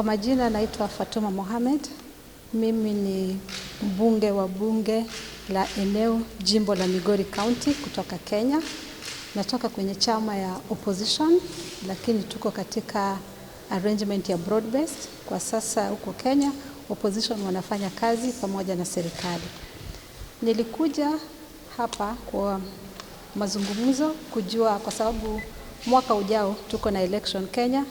Kwa majina naitwa Fatuma Mohamed. Mimi ni mbunge wa bunge la eneo jimbo la Migori County kutoka Kenya. Natoka kwenye chama ya opposition, lakini tuko katika arrangement ya broad based kwa sasa. Huko Kenya opposition wanafanya kazi pamoja na serikali. Nilikuja hapa kwa mazungumzo kujua, kwa sababu mwaka ujao tuko na election Kenya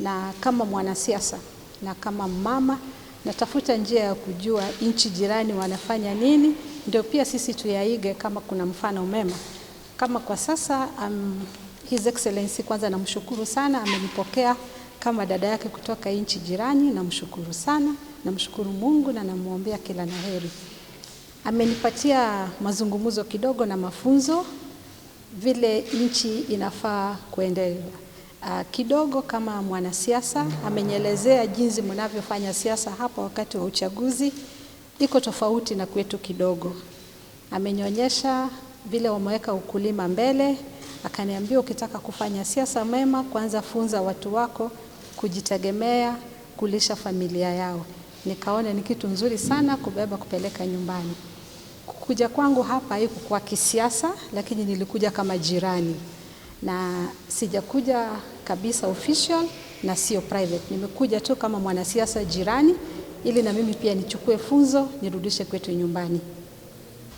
na kama mwanasiasa na kama mama natafuta njia ya kujua nchi jirani wanafanya nini, ndio pia sisi tuyaige kama kuna mfano mema. Kama kwa sasa um, His Excellency kwanza namshukuru sana, amenipokea kama dada yake kutoka nchi jirani. Namshukuru sana, namshukuru Mungu na namwombea kila naheri. Amenipatia mazungumzo kidogo na mafunzo vile nchi inafaa kuendelea. Uh, kidogo kama mwanasiasa amenyelezea jinsi mnavyofanya siasa hapa wakati wa uchaguzi, iko tofauti na kwetu kidogo. Amenionyesha vile wameweka ukulima mbele, akaniambia ukitaka kufanya siasa mema, kwanza funza watu wako kujitegemea, kulisha familia yao. Nikaona ni kitu nzuri sana kubeba kupeleka nyumbani. Kuja kwangu hapa kwa kisiasa, lakini nilikuja kama jirani na sijakuja kabisa official na sio private. Nimekuja tu kama mwanasiasa jirani, ili na mimi pia nichukue funzo nirudishe kwetu nyumbani.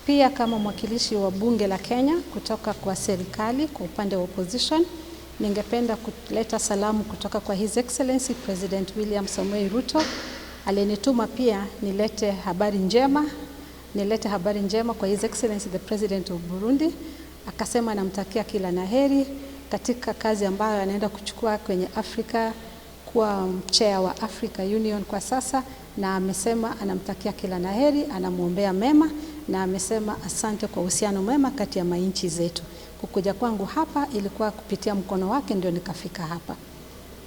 Pia kama mwakilishi wa bunge la Kenya kutoka kwa serikali kwa upande wa opposition, ningependa kuleta salamu kutoka kwa His Excellency President William Samoei Ruto aliyenituma pia nilete habari njema, nilete habari njema kwa His Excellency the President of Burundi akasema anamtakia kila naheri katika kazi ambayo anaenda kuchukua kwenye Afrika kuwa mchea wa Africa Union kwa sasa, na amesema anamtakia kila naheri, anamwombea mema, na amesema asante kwa uhusiano mwema kati ya manchi zetu. Kukuja kwangu hapa ilikuwa kupitia mkono wake ndio nikafika hapa.